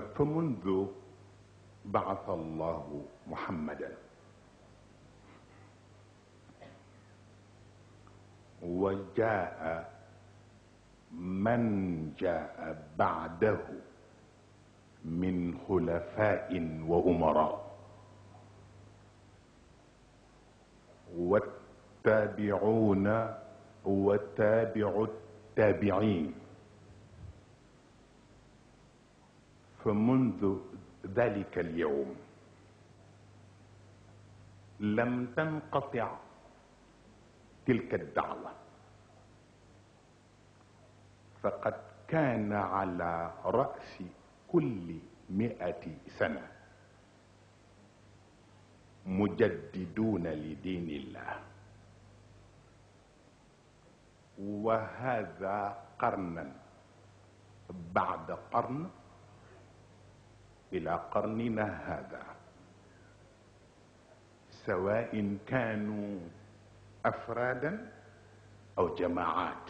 فمنذ بعث الله محمدا وجاء من جاء بعده من خلفاء وامراء والتابعون وتابع التابعين فمنذ ذلك اليوم لم تنقطع تلك الدعوه فقد كان على راس كل مئه سنه مجددون لدين الله وهذا قرنا بعد قرن إلى قرننا هذا سواء كانوا أفرادا أو جماعات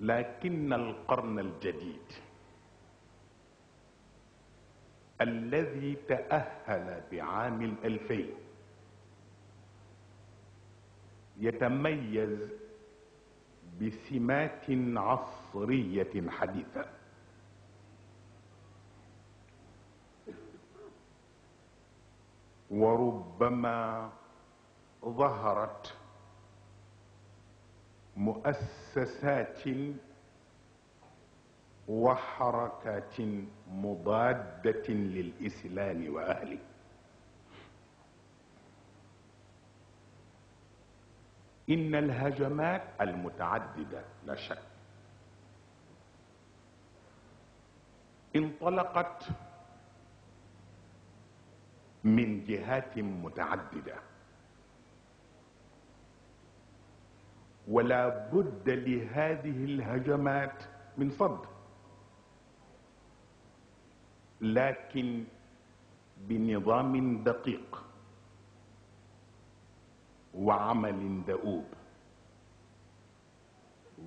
لكن القرن الجديد الذي تأهل بعام الألفين يتميز بسمات عصرية حديثة وربما ظهرت مؤسسات وحركات مضادة للإسلام وأهله إن الهجمات المتعددة لا شك انطلقت من جهات متعددة ولا بد لهذه الهجمات من فضل لكن بنظام دقيق وعمل دؤوب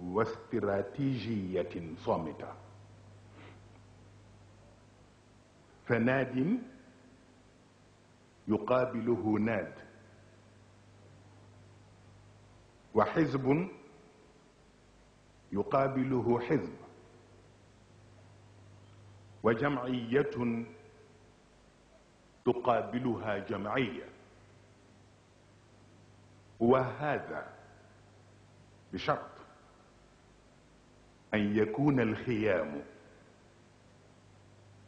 واستراتيجيه صامته فناد يقابله ناد وحزب يقابله حزب وجمعيه تقابلها جمعيه وهذا بشرط أن يكون الخيام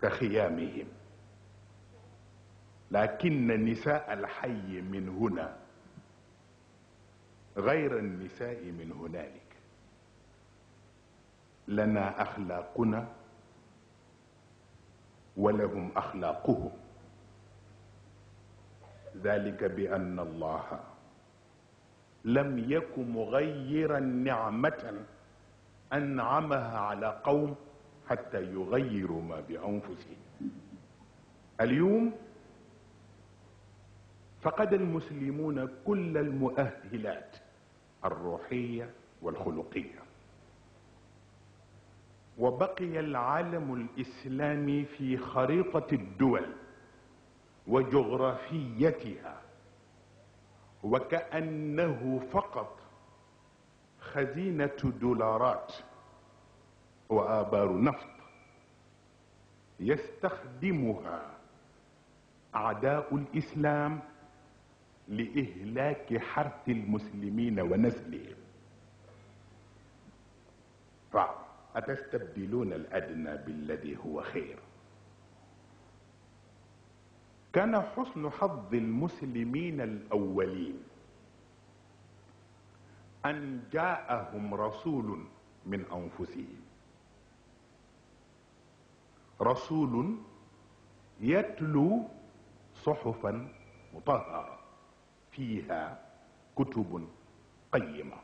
كخيامهم لكن نساء الحي من هنا غير النساء من هنالك لنا أخلاقنا ولهم أخلاقهم ذلك بأن الله لم يك مغيرا نعمة أنعمها على قوم حتى يغيروا ما بأنفسهم اليوم فقد المسلمون كل المؤهلات الروحية والخلقية وبقي العالم الإسلامي في خريطة الدول وجغرافيتها وكأنه فقط خزينة دولارات وآبار نفط يستخدمها أعداء الإسلام لإهلاك حرث المسلمين ونسلهم فأتستبدلون الأدنى بالذي هو خير كان حسن حظ المسلمين الأولين أن جاءهم رسول من أنفسهم رسول يتلو صحفا مطهرة فيها كتب قيمة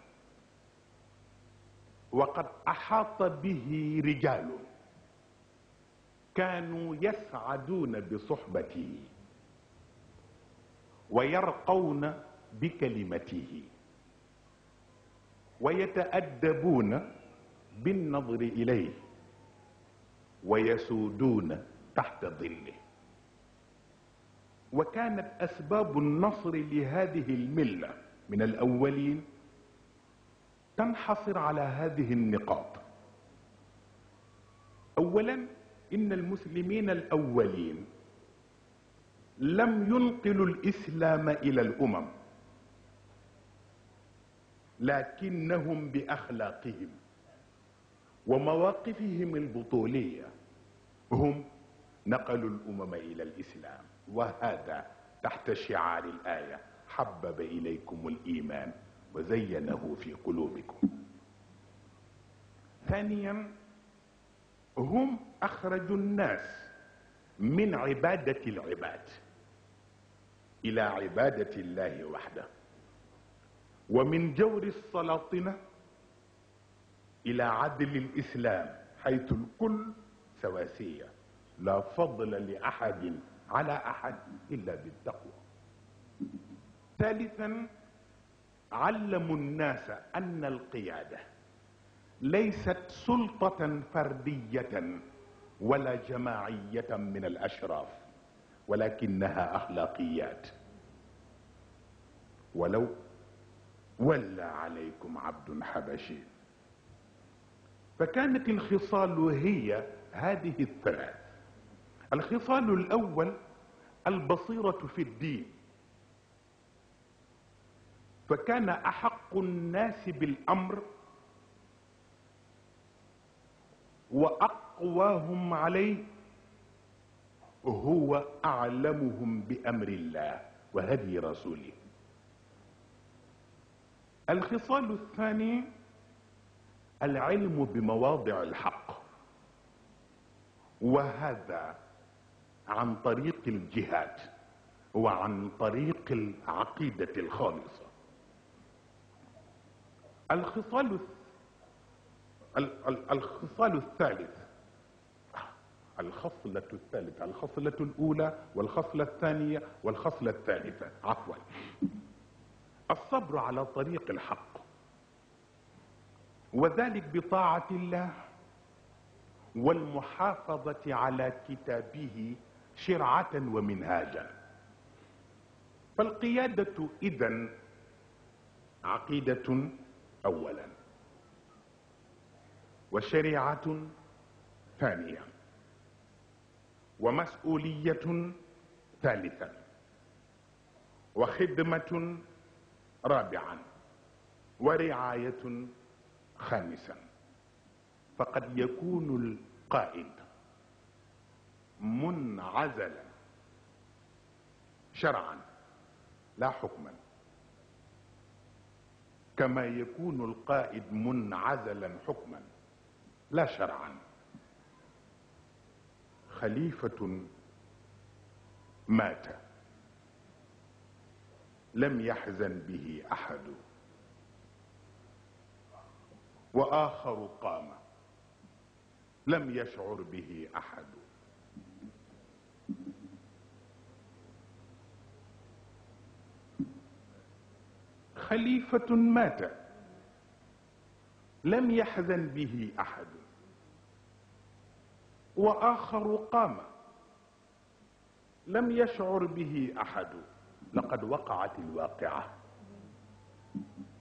وقد أحاط به رجال كانوا يسعدون بصحبته ويرقون بكلمته ويتأدبون بالنظر إليه ويسودون تحت ظله وكانت أسباب النصر لهذه الملة من الأولين تنحصر على هذه النقاط أولا إن المسلمين الأولين لم ينقلوا الإسلام إلى الأمم لكنهم بأخلاقهم ومواقفهم البطولية هم نقلوا الأمم إلى الإسلام وهذا تحت شعار الآية حبب إليكم الإيمان وزينه في قلوبكم ثانيا هم أخرجوا الناس من عبادة العباد إلى عبادة الله وحده ومن جور السلاطنة إلى عدل الإسلام حيث الكل سواسية لا فضل لأحد على أحد إلا بالتقوى ثالثا علموا الناس أن القيادة ليست سلطة فردية ولا جماعية من الأشراف ولكنها أخلاقيات ولو ولى عليكم عبد حبشي فكانت الخصال هي هذه الثلاث الخصال الأول البصيرة في الدين فكان أحق الناس بالأمر وأقواهم عليه هو أعلمهم بأمر الله وهدي رسوله الخصال الثاني العلم بمواضع الحق وهذا عن طريق الجهاد وعن طريق العقيدة الخالصة الخصال الخصال الثالث الخصلة الثالثة الخصلة الأولى والخصلة الثانية والخصلة الثالثة عفوا الصبر على طريق الحق وذلك بطاعة الله والمحافظة على كتابه شرعة ومنهاجا فالقيادة إذا عقيدة أولا وشريعة ثانية ومسؤولية ثالثا وخدمة رابعا ورعاية خامسا فقد يكون القائد منعزلا شرعا لا حكما كما يكون القائد منعزلا حكما لا شرعا خليفة مات لم يحزن به أحد وآخر قام لم يشعر به أحد خليفة مات لم يحزن به أحد وآخر قام لم يشعر به أحد لقد وقعت الواقعة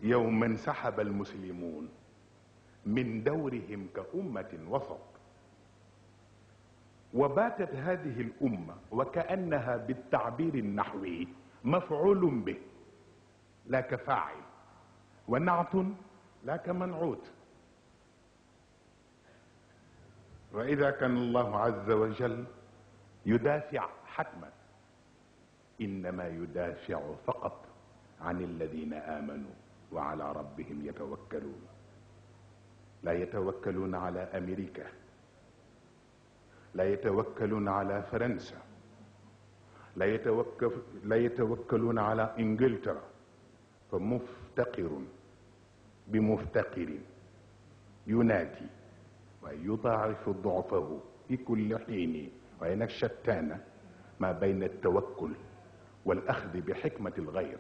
يوم انسحب المسلمون من دورهم كأمة وسط وباتت هذه الأمة وكأنها بالتعبير النحوي مفعول به لا كفاعل ونعت لا كمنعوت واذا كان الله عز وجل يدافع حتما انما يدافع فقط عن الذين امنوا وعلى ربهم يتوكلون لا يتوكلون على امريكا لا يتوكلون على فرنسا لا, يتوكف لا يتوكلون على انجلترا فمفتقر بمفتقر ينادي ويضاعف ضعفه في كل حين وعينك شتان ما بين التوكل والأخذ بحكمة الغير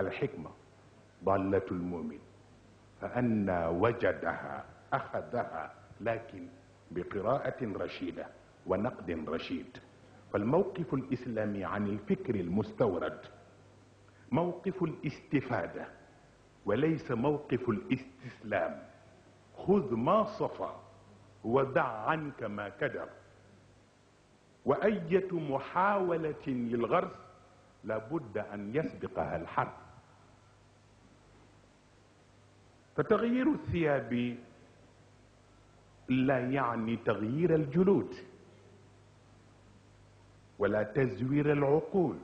الحكمة ضالة المؤمن فأنا وجدها أخذها لكن بقراءة رشيدة ونقد رشيد فالموقف الإسلامي عن الفكر المستورد موقف الاستفادة وليس موقف الاستسلام خذ ما صفى ودع عنك ما كدر وأية محاولة للغرس لابد أن يسبقها الحرب فتغيير الثياب لا يعني تغيير الجلود ولا تزوير العقول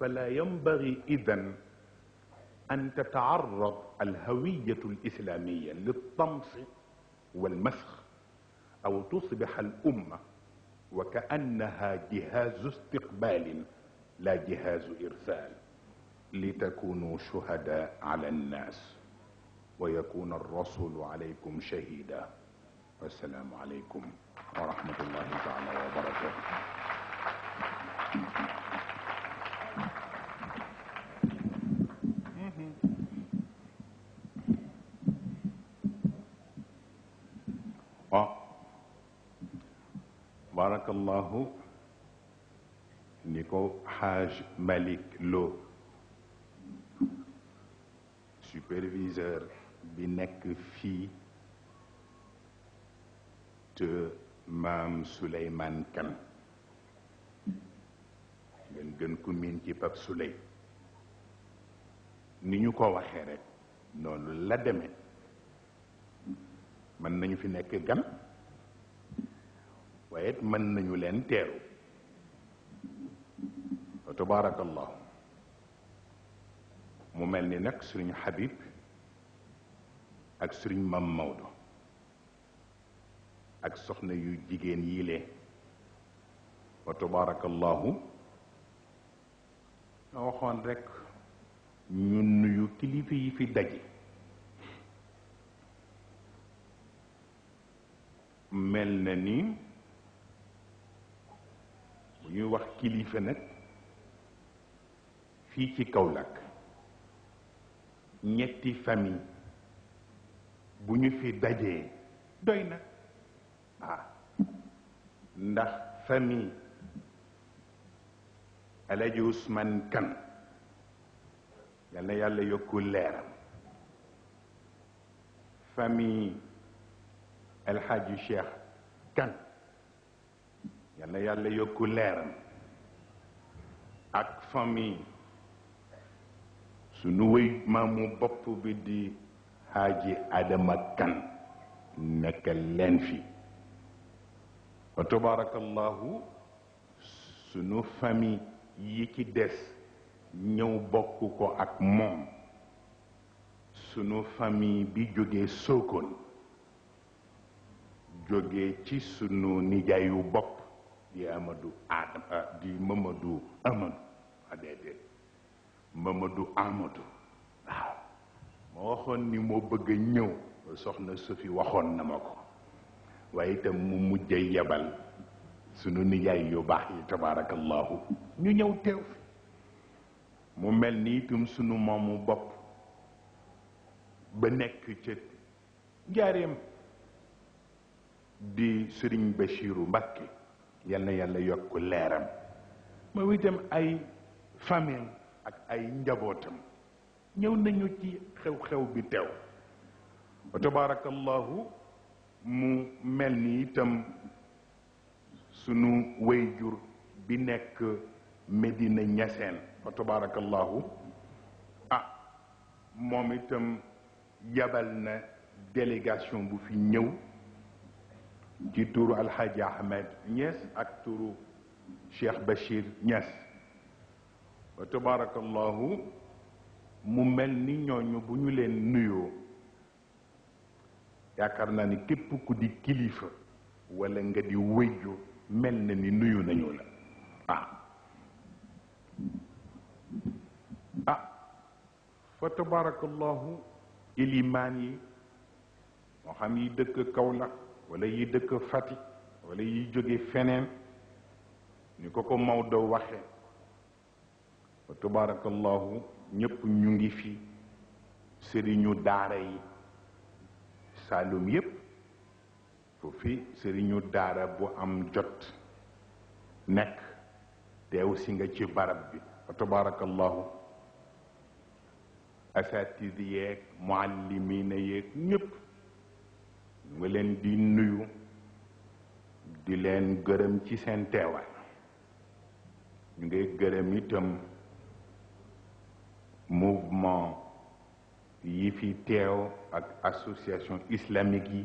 فلا ينبغي إذن أن تتعرض الهوية الإسلامية للطمس والمسخ أو تصبح الأمة وكأنها جهاز استقبال لا جهاز إرسال لتكونوا شهداء على الناس ويكون الرسول عليكم شهيدا والسلام عليكم ورحمة الله تعالى وبركاته tabarakallahu ni ko Haj Malik Lo superviseur bi nekk fii te maam Souleymane Kane ngeen gën ko miin ci Pape Souley ni ñu ko waxee rek noonu la demee mën nañu fi nekk gan ويت من نيولين تيرو وتبارك الله مملني نك سيرن حبيب اك سيرن مام مودو اك سخنا يو جيجين ييلي وتبارك الله نوخون رك ñun nuyu kilifa yi fi daje melna ni ñuy wax kilifa nag fii ci Kaolack ñetti famille bu ñu fi dajee doy na ah ndax famille Alaji Ousmane Kane yal yàlla yokku leeram famille Alhaji Cheikh Kane yàlla yàlla yokku leeram ak famille sunu wéy maamu bopp bi di xaaji Adama Kan nekk leen fi wa tabarakallahu sunu famille yi ci des ñëw bokk ko ak moom sunu famille bi jógee Sokone jógee ci sunu nijaayu bokk di Amadou Adama euh, di ah, Mamadou Amadou waaw ma waxoon ni moo bëgg a ñëw soxna Sophie waxoon na ma ko waaye itam mu mujj yebal sunu nijaay yu baax yi tabaarakallaahu ñu ñëw teew fi mu mel ni itam sunu moomu bopp ba nekk ca njaareem di Sëriñ Bachiru Mbàkke yal na yàlla yokk leeram moom itam ay famille ak ay njabootam ñëw nañu ci xew-xew bi teew wa tabaarakallahu mu mel ni itam sunu wayjur bi nekk Medina Ñaseen wa tabaarakallahu ah moom itam yabal na délégation bu fi ñëw ci turu alxaaji ahmed ñees ak turu cheikh bachir ñees wa tabarakallahu mu mel ni ñooñu bu ñu leen nuyoo yaakaar naa ni képp ku di kilifa wala nga di wéju mel na ni nuyu nañu la ah, ah. fa tabarakallahu ilimaan yi moo xam yi dëkk Kaolack wala yi dëkk Fatick walla yi jóge feneen ni ko ko Maodo waxe wa tabarakallahu ñépp ñu ngi fi sëriñu daara yi Saalum yépp foofu sëriñu daara bu am jot nekk teew si nga ci barab bi wa tabarakallahu asatid yeeg muallimiina yeeg ñépp ma leen di nuyu di leen gërëm ci seen teewaay ñu ngay gërëm itam mouvement yi fi teew ak association islamique yi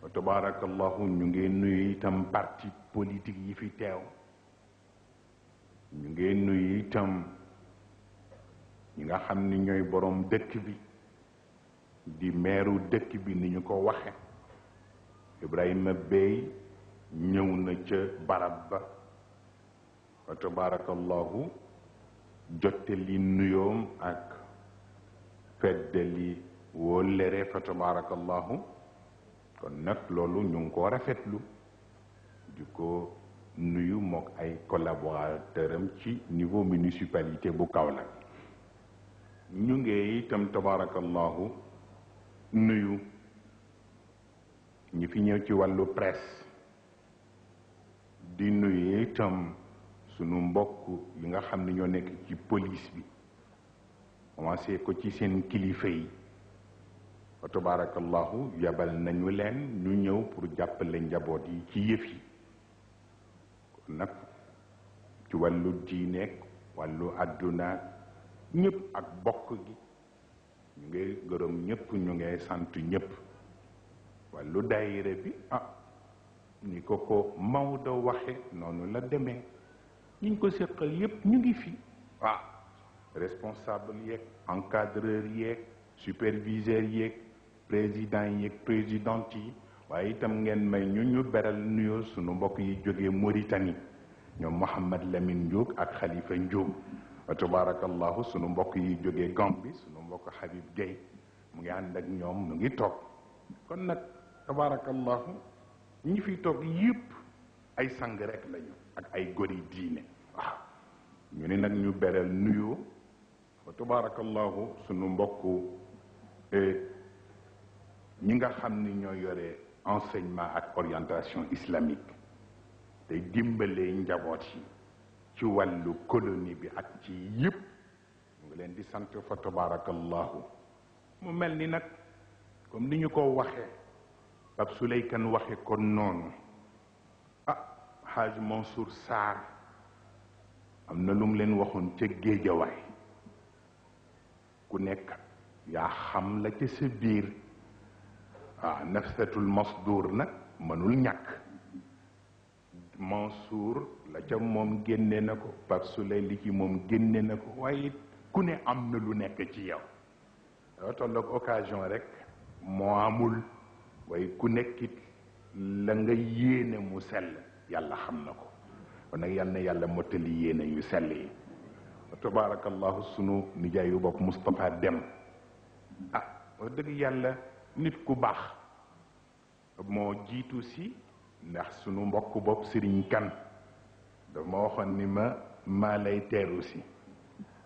wa tabarakallahu ñu ngay nuyu itam parti politique yi fi teew ñu ngay nuyu itam ñi nga xam ni ñooy boroom dëkk bi di meeru dëkk bi ni ñu ko waxe Ibrahima Bey ñëw na ca barab ba wa tabarakallahu jottali nuyoom ak feddali wóllëre fa tabarakallahu kon nag loolu ñu ngi koo rafetlu di ko nuyu mook ay collaborateur ci niveau municipalité bu la ñu ngi itam tabarakallahu nuyu ñi fi ñëw ci wàllu presse di nuyu itam sunu mbokk yi nga xam ne ñoo nekk ci police bi commencé ko ci seen kilifa yi fa tabarakallahu yabal nañu leen ñu ñëw pour jàppale njaboot yi ci yëf yi kon nag ci wàllu diineek wàllu àdduna ñépp ak bokk gi ngay gërëm ñëpp ñu ngay sant ñëpp wa lu daayira bi ah ni ko ko Maodo waxe noonu la demee ñu ko séqal yëpp ñu ngi fi wa ah, responsable yeeg encadreur yeeg superviseur yeeg président yeeg présidente yi waaye itam ngeen may ñu ñu beral nuyo suñu mbokk yi jógee Mauritanie ñoom Mouhamad Lamine Ndiouk ak Khalifa Ndiouk fa tabarakallahu sunu mbokk yi jógee Gambie sunu mbokk Habib Gueye mu ngi ànd ak ñoom mu ngi toog kon nag tabarakallahu ñi fi toog yëpp ay sang rek lañu ak ay gori diine waaw ñu ni nag ñu beral nuyoo fa tabarakallahu sunu mbokk eh, ñi nga xam ni ñoo yore enseignement ak orientation islamique te dimbalee njaboot yi ci wàllu colonie bi ak ci yëpp mu ngi leen di sant fa tabarakallahu mu mel ni nag comme ni ñu ko waxee Pape Souleykan waxe ko noonu ah Hadj Mansour Sarr am na lu mu leen waxoon ca géejawaay ku nekk yaa xam la ca sa biir ah nafsatul masdur nag mënul ñàkk Mansour la ca moom génne na ko Pape Souley li ci moom génne na ko waaye ku ne am na lu nekk ci yow doo tolloog occasion rek moo amul waaye ku nekkit la nga yéene mu sell yàlla xam na ko kon nag yal na yàlla mottali yéene yu sell yi tabaarakallahu sunu nijaayu bopp Moustapha Dem ah wax dëgg yàlla nit ku baax moo jiitu si ndax sunu mbokk bopp sëriñ kan dama waxoon ni ma maa lay teeru si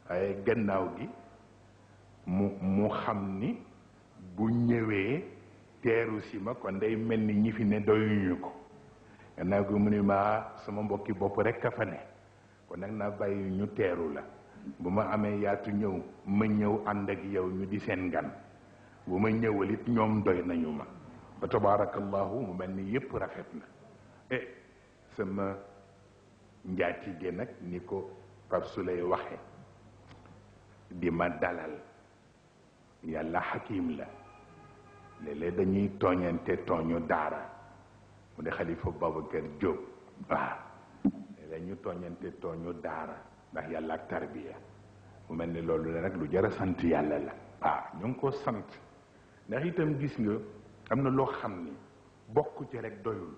waaye gannaaw gi mu mu xam ni bu ñëwee teeru si ma kon day mel ni ñi fi ne doyuñu ko gannaaw gi mu ni ma ah, sama mbokki bopp rekk a fa ne kon nag naa bàyyi ñu teeru la bu ma amee yaatu ñëw ma ñëw ànd ak yow ñu di seen gan bu ma ñëwal it ñoom doy nañu ma fa tabaarakallaahu mu mel ni yépp rafet na eh sama njaatige nag ni ko Pape Souley waxe di ma dalal yàlla xakim la léeg-léeg dañuy tooñante tooñu daara mu ne xalifa Babacar Diop waaw léeg-léeg ñu tooñante tooñu daara ndax yàlla ak tarbiya mu mel ni loolu la nag lu jar a sant yàlla la waaw ñu ngi ko sant ndax itam gis nga am na loo xam ni bokk ci rek doyul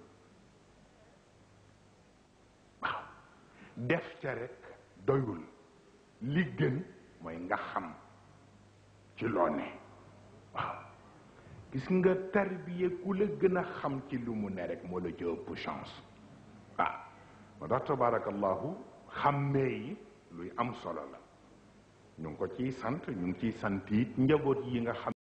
waaw def ca rek doyul li gën mooy nga xam ci loo waaw gis nga tarbiye ku la gën a xam ci lu mu ne rek moo la ci ëpp chance waaw moo tax tabarakallahu xàmmee yi luy am solo la ñu ngi ko ciy sant ñu ngi ciy sant njaboot yi nga xam